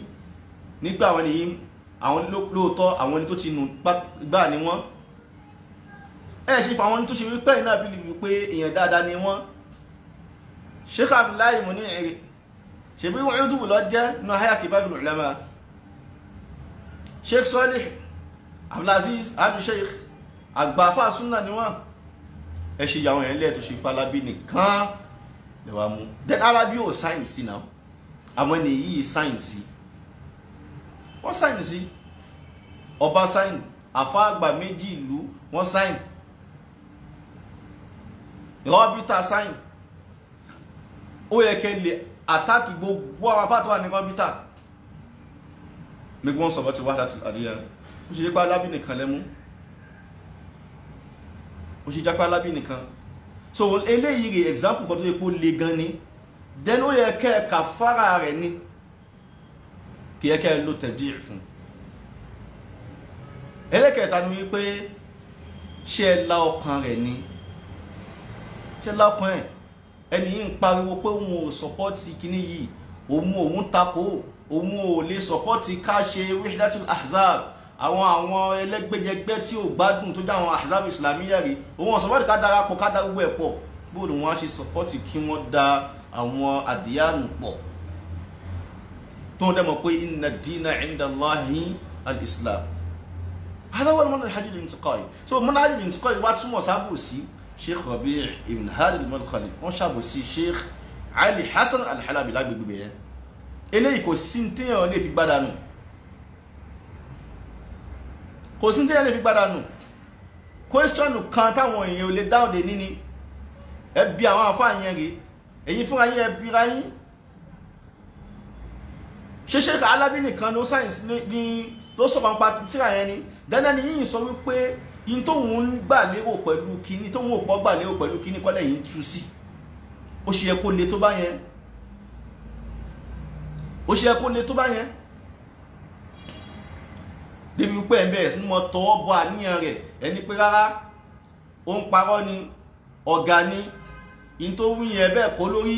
nígbà àwọn ènìyàn àwọn lóòótọ́ àwọn ẹni tó ti nù gbà ni wọ́n ẹ ṣe fún àwọn ẹni tó ṣe wípé ẹ̀yin náà bí wípé èèyàn dáadáa ni wọ́n Sheikh Abdullahi Muniri ṣèbí wọ́n túbù lọ jẹ́ nínú hayaki bábìlì ulama Sheikh Salih Abdulaziz Abdul Sheikh àgbà fásunà ni wọ́n ẹ ṣe yàwọn yẹn lẹ́ẹ̀ tó ṣe pálábí nìkan lè wá mú then alábí ò sáìn sí náà àwọn ẹni yìí sáìn sí wọ́n sáìn sí ọba sáìn àfa àgbà méjì ìlú wọ́n sáìn rọ́bítà sáìn ó yẹ kẹ́ lè àtàkì gbogbo àwọn afá tó wà ní rọ́bítà gbogbo wọn sọ̀rọ̀ ti wá àdíyà ó ṣe lé pa alábí nìkan lẹ́mú o ṣe jápá lábì nìkan so eléyìí rè example kan tó lè pò le gan ni then ó yẹ kẹ́ ẹ kà fara rẹ̀ ni kì í yẹ kẹ́ ẹ lo tẹ̀dí fún ẹlẹ́kẹ̀ẹ́ta ni wípé ṣé ẹ la ọkàn rẹ̀ ni ṣé la ọkàn ẹ̀ ẹni yìí ń pariwo pé òun ò sọpọ́tì kínní yìí òun òun takò òun ò lè sọpọ́tì ká ṣe wíṣídátù ahzab àwọn àwọn ẹlẹ́gbẹ́jẹgbẹ́ tí ò gbádùn tó dáwọn ahzab islamiyya rí òun ọ̀sán wọ́n ká darapọ̀ ká dá gbogbo ẹ̀ pọ̀ bó ni wọ́n á ṣe sọ́pọ́tì kí wọ́n da àwọn àdìyànù pọ̀ tó ń dẹ́mọ̀ pé inna dina inda Allahi al-islam adáwọ̀ ni manhaj al-intiqai so manhaj al-intiqai wá túmọ̀ sábòsí sheikh rabi' ibn hadi al-madkhali wọ́n sábòsí sheikh ali hasan al-halabi lágbègbè yẹn eléyìí kò sí téèyàn lè fi gbádànù kò sí tí ẹ lè fi padà nù question kan táwọn èèyàn ò lè dáhùn dé níní ẹ bi àwọn àfáà yẹn rèé èyí fúnra yín ẹ bira yín ṣeṣe ká alábí nìkan ló sáyẹnsì ní ló sọ̀rọ̀ nípa tíra yẹn ni dandan ni yìnyín sọ wípé yín tóun ń gbà lérò pẹ̀lú kínní tóun ò pọ̀ gbà lérò pẹ̀lú kínní kọ́lẹ̀ yìí tú sí ó ṣe yẹ kó le tó bá yẹn ó ṣe yẹ kó le tó bá yẹn débi pé ẹ̀ bẹ̀rẹ̀ sínú mọ́ tọwọ́ bọ àníyàn rẹ̀ ẹni pé rárá ó ń parọ́ ni ọ̀gá ni in tó wí yẹn bẹ́ẹ̀ kó lórí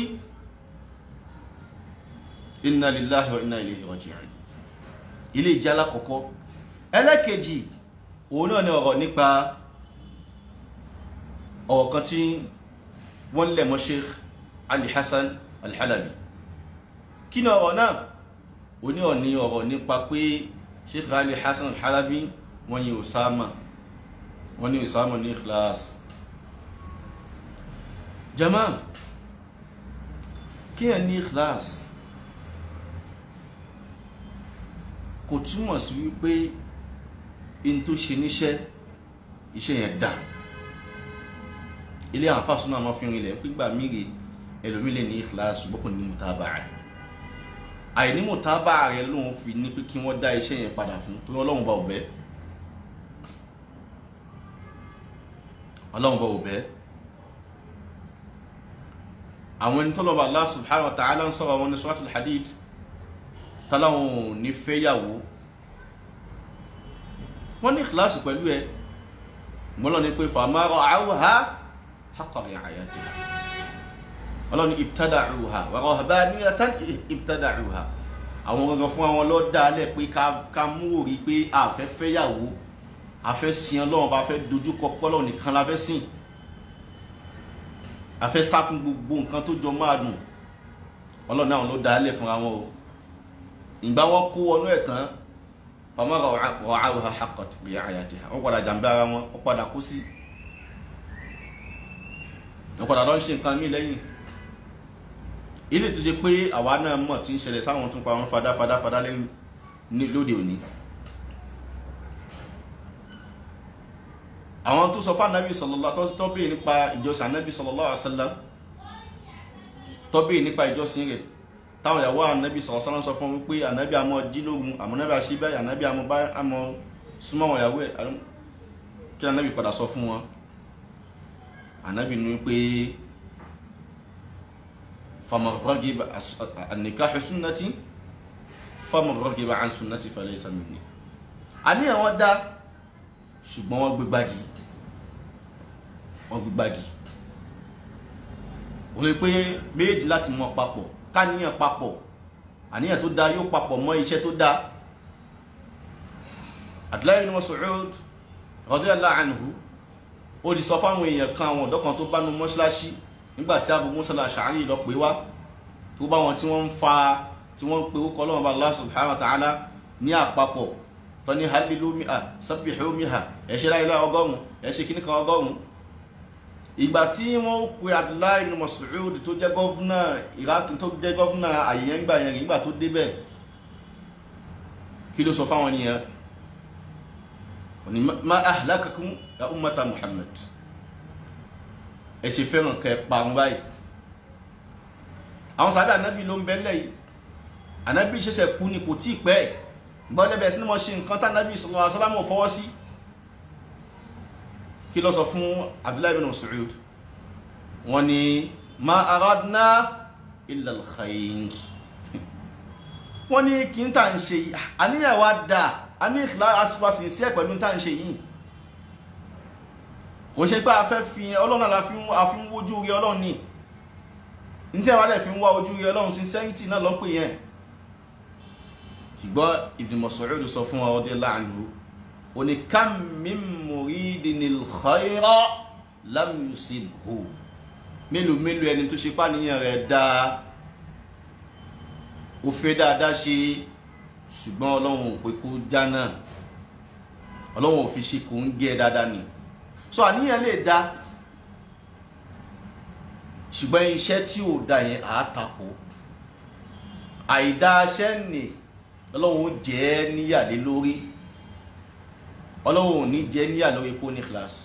inna lillahi wa inna ilayhi raji'un ilé ìjà alákọ̀ọ́kọ́ ẹlẹ́kejì òun náà ni ọ̀rọ̀ nípa ọ̀rọ̀ kan tí wọ́n lẹ̀ mọ́ Sheikh Ali Hassan Al-Halabi kí ni ọ̀rọ̀ náà òun ni ọ̀rọ̀ nípa pé sheikh ali hasan al-halabi wọ́n yin osama wọ́n ní osama ní ikhlas jama kíyàn ní ikhlas kò túmọ̀ sí wípé in tó ṣe níṣẹ́ iṣẹ́ yẹn dà ilé àǹfààsùn náà máa fi rinlẹ̀ pígbà mírè ẹlòmílẹ̀ ní ikhlas bọ́kùn ní mutaba'a àìnímọ̀tábà rẹ lòun fi ní pé kí wọ́n dá iṣẹ́ yẹn padà fún torí ọlọ́run bá òbẹ́ ọlọ́run bá òbẹ́ àwọn ẹni tọ́lọ́ba Allah subhanahu wa ta'ala ń sọ̀rọ̀ wọn ní suratul hadid táláwọn ò ní fẹ́yàwó wọ́n ní ìkìláàsì pẹ̀lú ẹ mọ́lọ́ ni pé fàmárọ̀ àwòhá hákọ̀rẹ̀ àyájọ́ ọlọ́run ní ibtada'uha wa rahbaniyatan ibtada'uha àwọn gangan fún àwọn lọ́ọ́ dálẹ̀ pé ká mú òrí pé àfẹ́fẹ́ yàwó afẹ́ sin ọlọ́run bá fẹ́ dojúkọ pọ́lọ́ nìkan la fẹ́ sìn afẹ́ sá fún gbogbo nǹkan tó jọ máa dùn ọlọ́run náà ló dálẹ̀ fúnra wọn o ìgbà wọn kó wọnú ẹ̀ tán fama ra'awha haqqa ri'ayatiha wọ́n padà jàǹbá ara wọn wọ́n padà kú sí wọ́n padà lọ ń ṣe nǹkan mí lẹ́yìn ilé tó ṣe pé àwa náà mọ̀ tí ń ṣẹlẹ̀ sáwọn tún pa wọn fadáfadáfadá lóde òní àwọn tó sọ fún anabi sallallahu tọ́bí nípa ìjọsìn anabi sallallahu alaihi wasallam tọ́bí nípa ìjọsìn rẹ̀ táwọn ìyàwó anabi sallallahu alaihi wasallam sọ fún wọn pé anabi àmọ́ jílógún àmọ́ anabi àṣíbẹ̀ anabi àmọ́ súnmọ́ wọn ìyàwó ẹ̀ kí anabi padà sọ fún wọn anabi ní pé faman ragiba an-nikahu sunnati faman ragiba an سنتي falaysa minni àníyàn wọn dá ṣùgbọ́n wọ́n gbé gbági wọ́n gbé gbági òun ni pé méjì láti mọ papọ̀ káníyàn papọ̀ àníyàn tó dá yóò papọ̀ mọ́ iṣẹ́ tó dá Abdullahi ibn Mas'ud radiyallahu anhu ó di sọ fáwọn èèyàn kan àwọn ọ̀dọ́ kan tó bá nu mọ́ṣáláṣí nígbà tí Abu Musa al-Ash'ari lọ pé wá tó bá wọn tí wọ́n ń fa tí wọ́n ń pe orúkọ Ọlọ́run bá Allah subhanahu wa ta'ala ní àpapọ̀ tọ́ni halilumiha sabihumiha ẹ̀ṣẹ̀ láìlá ọgọ́rùn ẹ̀ṣẹ̀ kíníkà ọgọ́rùn ìgbà tí wọ́n pe Abdullahi ibn Mas'ud tó jẹ́ gọ́fúnà Iraq tó jẹ́ gọ́fúnà àyẹ̀yẹ́ ńgbà yẹn nígbà tó débẹ̀ kí ló sọ fáwọn nìyẹn ma ahlakakum ya ummata Muhammad ẹ ṣe fẹ́ràn kẹ parun báyìí àwọn sábẹ́ ànábì ló ń bẹ́lẹ̀ yìí ànábì ṣẹ̀ṣẹ̀ kú ni kò tí ì pẹ́ gbọ́dọ̀ bẹ̀rẹ̀ sí ni mo ṣe nǹkan tá ànábì sallallahu alaihi wasallam fọwọ́ sí kí ló sọ fún Abdullahi bin Mas'ud wọ́n ní ma aradna illa al-khayr kí n tà ń ṣe yìí àníyàn wa dà àníyàn wa sì ń ṣe pẹ̀lú n tà ń ṣe yìí kò ṣe pé a fẹ́ fi ọlọ́run la fi ń wojú rí ọlọ́run ni nítorí wàá dẹ̀ fi ń wá ojú rí ọlọ́run sincerity náà ló ń pè yẹn ṣùgbọ́n Ibn Mas'ud sọ fún wa radiyallahu anhu ó ní kam min muridinil khayra lam yusibhu mélòó mélòó ẹni tó ṣe pàníyàn rẹ̀ dáa ó fẹ́ dáadáa ṣe ṣùgbọ́n ọlọ́run ò pé kó já náà ọlọ́run ò fi ṣe kò ń gé dáadáa nìyí so àníyàn lè da ṣùgbọ́n iṣẹ́ tí ò da yẹn àá takò àìdáṣẹ́ nì ọlọ́run jẹ́ níyàlé lórí ọlọ́run ò ní jẹ́ níyà lórí epo ní kíláàsì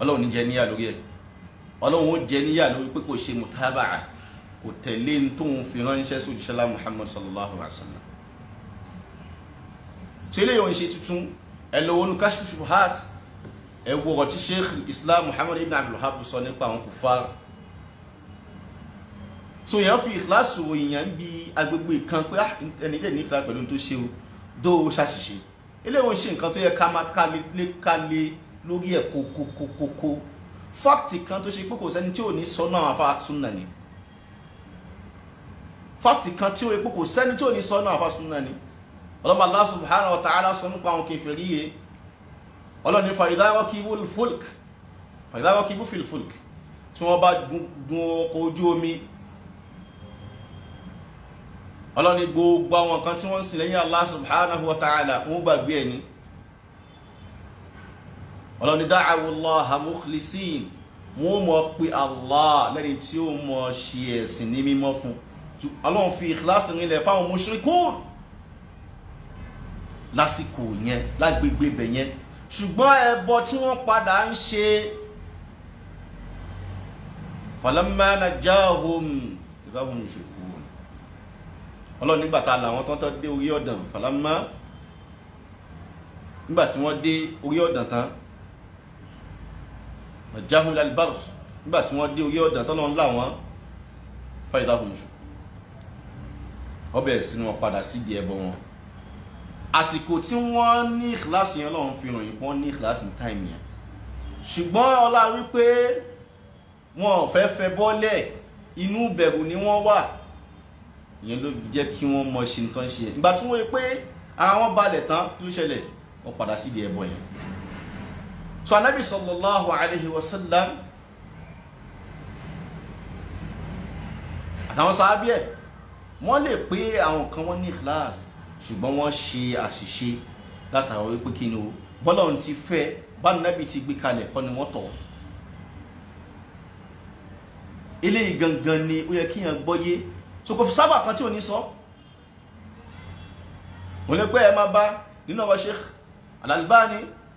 ọlọ́run ò ní jẹ́ níyà lórí ẹ̀ ọlọ́run ó jẹ́ níyà lórí pé kò ṣe mùtábàá kò tẹ̀lé tóun fi ránṣẹ́ sí òjíṣẹ́lá Muhammad sallallahu alaihi wa sallam ṣe eléyìí ò ń ṣe tuntun ẹ lọ wọnú kashfu shubuhat ẹ wo ọ̀rọ̀ tí sheikh islam muhammad ibn abdul wahab sọ nípa àwọn kufar so yẹn fi ìkíláàsì òyìnbó bí agbègbè kan pé ah, ẹni bẹ́ẹ̀ nípa pẹ̀lú tó ṣe o dó o ṣàṣìṣe eléwọ̀n ṣe nǹkan tó yẹ ká máa ká lé lórí ẹ̀ kókókókó fáàkì kan tó ṣe pé kò sẹ́ni tí ò ní sọ náà àfa súnà ni fáàkì kan tí ó yẹ pé kò sẹ́ni tí ò ní sọ náà àfa súnà ni ọlọ́pàá Allah subhanahu wa ta'ala sọ nípa àwọn kèfèrí yìí ọlọ́ni fàìdáwọ́kìbú fìlfúlk tí wọ́n bá gun ọkọ̀ ojú omi ọlọ́ni gbogbo àwọn kan tí wọ́n ń sìn lẹ́yìn Allah subhanahu wa ta'ala wọ́n gbàgbé ẹni ọlọ́ni da'awu Allaha mukhlisin wọ́n mọ̀ pé Allah lẹ́ni tí ó mọ̀ ṣe ẹ̀sìn ní mímọ́ fún ọlọ́run fi ikhlas nílẹ̀ fáwọn mushrikun lásìkò yẹn lágbègbè ibẹ̀ yẹn ṣùgbọ́n ẹbọ tí wọ́n padà ń ṣe falamma najahum ìbáwọn ìṣèkú ọlọ́run nígbà tá a làwọn tán tán dé orí ọ̀dàn falamma nígbà tí wọ́n dé orí ọ̀dàn tán najahum lalibarus nígbà tí wọ́n dé orí ọ̀dàn tán lọ́n là wọ́n fàyídà fún ìṣèkú ọbẹ̀ sínú wọn padà sídìí ẹbọ wọn àsìkò tí wọ́n ní ìkíláàsì yẹn lọ́run fi ròyìn pọ́n ní ìkíláàsì ní táìmù yẹn ṣùgbọ́n ọlá wípé wọn ò fẹ́ fẹ́ bọ́lẹ̀ inú bẹ̀rù ni wọ́n wà ìyẹn ló jẹ́ kí wọ́n mọ ṣe nǹkan ṣe ìgbà tí wọ́n rí pé ara wọn balẹ̀ tán kí ló ṣẹlẹ̀ wọ́n padà síbi ẹbọ yẹn so anabi sallallahu alayhi wa sallam àtàwọn sábẹ́ wọ́n lè pé àwọn kan wọ́n ní ìkíláàsì ṣùgbọ́n wọ́n ṣe àṣìṣe látara wípé kí ni o bọ́lọ́run ti fẹ́ bánábì ti gbé kalẹ̀ kọ́ ni wọ́n tọ̀ eléyìí gangan ni ó yẹ kíyàn gbọ́yé so kò fi sábà kan tí ò ní sọ wọn lè pẹ́ ẹ máa bá nínú ọba Sheikh al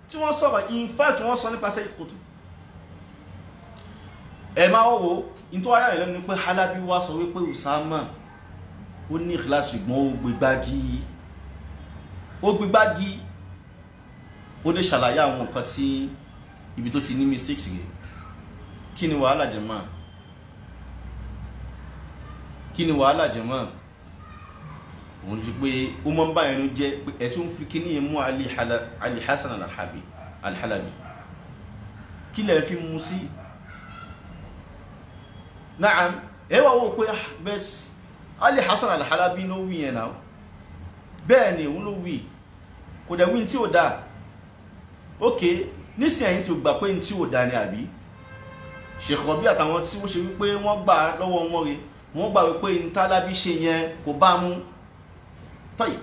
tí wọ́n sọ̀rọ̀ in fact wọ́n sọ nípasẹ̀ ìkòtò ẹ máa wò ó nítorí ayé rẹ̀ ni pé Halabi wá sọ wípé Usama ó ní ìkìlá ṣùgbọ́n ó gbégbági ó gbígbági ó dé ṣàlàyé àwọn nǹkan tí ibi tó ti ní mistakes rẹ̀ kí ni wàhálà jẹ mọ́ kí ni wàhálà jẹ mọ́ òun ti pé ó mọ́ ń bá ẹnu jẹ́ pé ẹ̀tún fi kíní yẹn mú Ali Hasan al-Halabi kí lẹ̀ fi mú sí náà ẹ wá wò pé ah, Ali Hasan al ló wí yẹn náà bẹ́ẹ̀ ni òun ló wí kò dẹ̀ wí ní tí ò dáa ok nísìnyí ẹ̀yin ti gbà pé ní tí ò dáa ni àbí ṣèkọ̀ bí àtàwọn tí wọ́n ṣe wípé wọ́n gbà lọ́wọ́ wọn rè wọ́n gbà wípé ní tálábí ṣe yẹn kò bá mú tọ́yì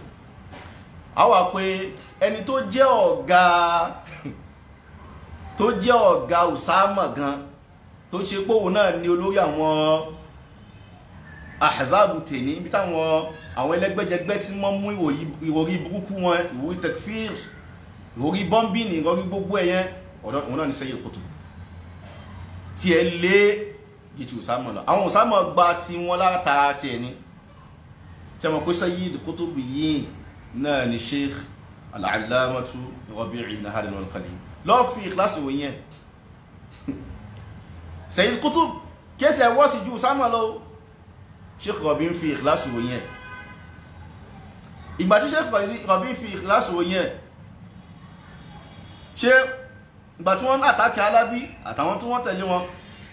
àwa pé ẹni tó jẹ́ ọ̀gá tó jẹ́ ọ̀gá Usama gan tó ṣe pé òun náà ni olórí àwọn ahazabu tèmi ibi táwọn àwọn ẹlẹgbẹjẹgbẹ tí wọn mú ìròrí burúkú wọn ìròrí tekfir ìròrí bọmbìnì ìròrí gbogbo ẹyẹ ọdọ òun náà ní sẹyìn kòtò tiẹ lé jìtì òsàmọ lọ àwọn òsàmọ gba ti wọn látara tiẹ ni tí a mọ̀ pé sẹyìn kòtò bì yìí náà ní sheikh al Rabi' an-Nahawi al-Khalili fi ìkíláàsì wòye sẹyìn kòtò kí ẹsẹ̀ wọ́ọ̀sì ju òsàmọ lọ́wọ́ sheikh Rabi ń fi ìkíláàsì ròyìn ẹ̀ ìgbà tí sheikh Rabi ń fi ìkíláàsì ròyìn ẹ̀ ṣé ìgbà tí wọ́n ń àtàkì alábí àtàwọn tí wọ́n tẹ̀lé wọn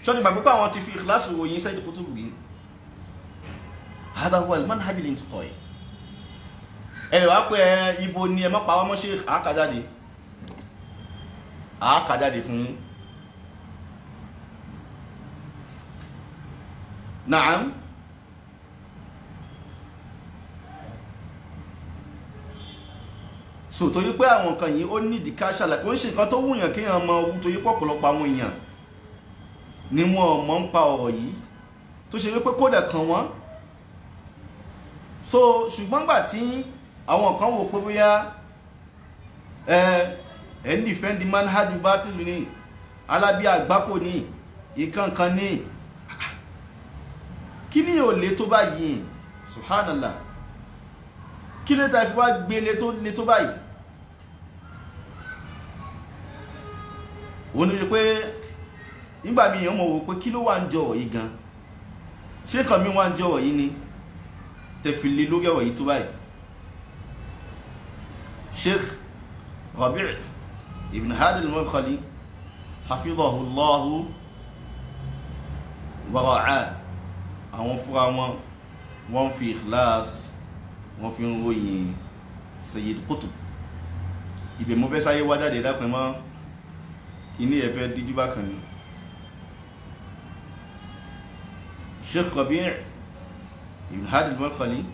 ṣọ́ni ìgbà pípẹ́ àwọn ti fi ìkíláàsì ròyìn Sayyid Qutb yìí hada huwa al-manhaj al-intiqai ẹ̀rọ wá pé ibo ni ẹ má pa wọ́n sheikh àákàjáde àákàjáde fún yín. so torí pé àwọn nǹkan yìí ó nídìí ká ṣàlàyé kò ń ṣe nǹkan tó wùyàn kéèyàn mọ owó torí pé ọ̀pọ̀lọpọ̀ àwọn èèyàn ni wọn mọ̀ ń pa ọ̀rọ̀ yìí tó ṣe wípé kódà kan wọ́n so ṣùgbọ́n gbà tí àwọn kan wò pé bóyá ẹ ẹ ń dìfẹ́ndì manhaju bátìlù ni alábí àgbákò ni ìkankan ni kí ni ò lè tó báyìí subhanallah kí lè ta fi wá gbé lè tó báyìí òun ni pé nígbà míì èèyàn mọ̀ wò pé kí ló wà ń jẹ ọ̀rọ̀ yìí gan ṣé nǹkan mi wà ń jẹ ọ̀rọ̀ yìí ni tẹ̀fì lé lórí ọ̀rọ̀ yìí tó báyìí Sheikh Rabi' ibn Hadi al-Madkhali hafizahu àwọn fúra wọn wọ́n fi ikhlas wọ́n fi ń ròyìn Sayyid Qutb ibẹ̀ mo fẹ́ sáyé wá jáde dákun mọ́ kíní ẹ e fẹ́ díjú bákan ni Sheikh Rabi' ibn Hadi al-Madkhali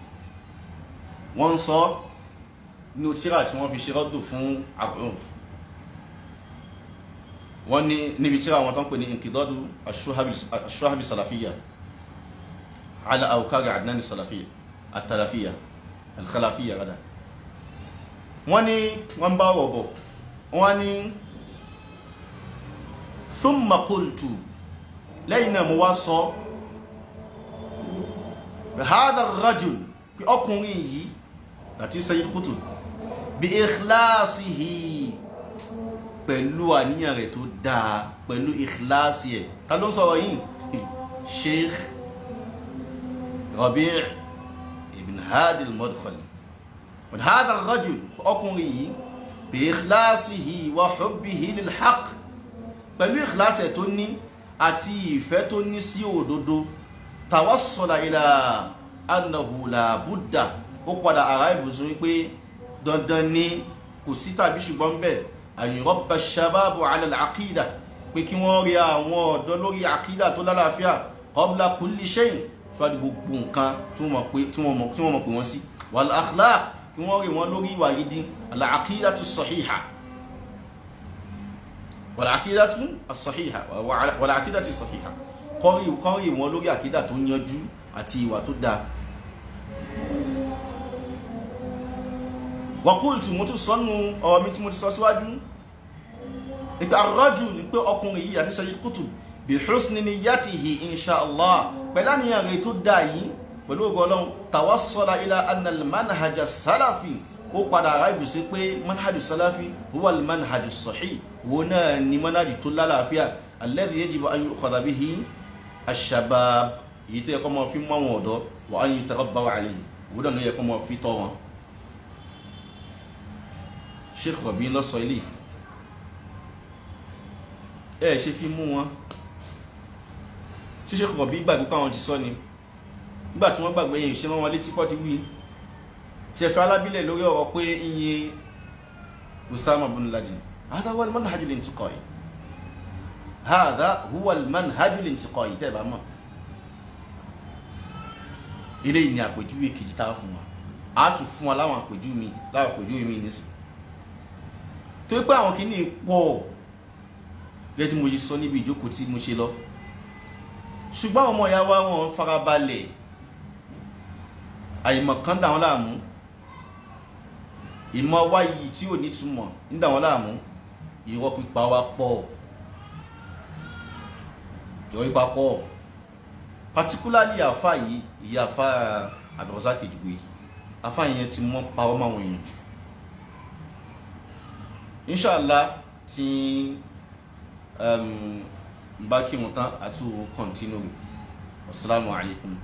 wọ́n ń sọ nínú síra tí wọ́n fi ṣe rọ́dù fún àbúrò wọ́n ní níbi síra wọn tó ń pè ní inqidadu ash-shuhab as-salafiyya ala awkari Adnan as-salafiyya at rada wọ́n ní wọ́n bá wọ̀ bọ̀ wọ́n ní. ثم قلت لينا مواصو هذا الرجل بأكوني نتي سيد قتل بإخلاصه بلو أنيا ريتو دا بلو إخلاصي تلون صوين شيخ ربيع ابن هادي المدخل هذا الرجل أكوني بإخلاصه وحبه للحق pẹ̀lú ìkìláṣẹ̀ tó ní àti ìfẹ́ tó ní sí òdodo tawassala ila annahu la budda ó padà arrive sọ wípé dandan ni kò sí tàbí ṣùgbọ́n bẹ́ẹ̀ an yurabba shababu ala al-aqida pé kí wọ́n rí àwọn ọ̀dọ́ lórí àkídà tó lálàáfíà qabla kulli shay ṣáàdì gbogbo nǹkan tí wọ́n mọ̀ pé wọ́n sí wal akhlaq kí wọ́n rí wọn lórí ìwà gidi al-aqidatu sahiha wàlàkídàtú àsọ̀híhà wàlàkídàtú sọ̀híhà kọ́rí kọ́rí wọn lórí àkídà tó yanjú àti ìwà tó dáa wàkúùtù mo tún sọ́nu ọ̀rọ̀ mi tí mo ti sọ síwájú ìgbà rọ́jù ni pé ọkùnrin yìí àti sẹ́yìn kùtù bí húsni ni yàtì hì inṣàlá pẹ̀lú àníyàn rẹ̀ tó dáa yìí pẹ̀lú ògo ọlọ́run tàwásọ́lá ilá annal manhaja salafi ó padà ráìbù sí pé manhajú salafi huwa al manhajú wo náà ni mọ́nájì tó lálàáfíà alladhi yajibu an yu'khadha bihi ash-shabab èyí tó yẹ kọ́ mọ́ fi mọ́ àwọn ọ̀dọ́ wa an yutarabbaw alayhi wo náà ló yẹ kọ́ mọ́ fi tọ́ wọn. Sheikh Rabi ló sọ ilé ẹ ṣe fi mú wọn tí Sheikh Rabi gbàgbé káwọn ti sọ ni nígbà tí wọ́n gbàgbé yẹn ṣe wọ́n létí kọ́ ti wí ṣẹ̀fẹ̀ alábílẹ̀ lórí ọ̀rọ̀ pé iye Usama bin هذا هو المنهج الانتقائي هذا هو المنهج الانتقائي tẹ́ ẹ bá mọ̀ eléyìí ni àpèjúwe kejì tá a fún wa a tún fún wa láwọn àpèjú mi láwọn àpèjúwe mi nísìn tó pé àwọn kìíní pọ̀ gẹ́gẹ́ bí mo ṣe sọ níbi ìjókòó tí mo ṣe lọ ṣùgbọ́n àwọn ọmọ ìyá wa wọn farabalẹ̀ àìmọ̀ kan dà wọ́n láàmú ìmọ̀ wáyìí tí ò nítumọ̀ ń dà wọ́n láàmú irọ́ pípa wa pọ̀ irọ́ pípa pọ̀ particularly àfa yìí ìyá àfa Abdulrasaq Ejigbo àfa yẹn ti mọ́ pa ọmọ àwọn èèyàn jù inshallah ti um, bá kírun tán àti òun kọ́ńtínú asalaamualeykum.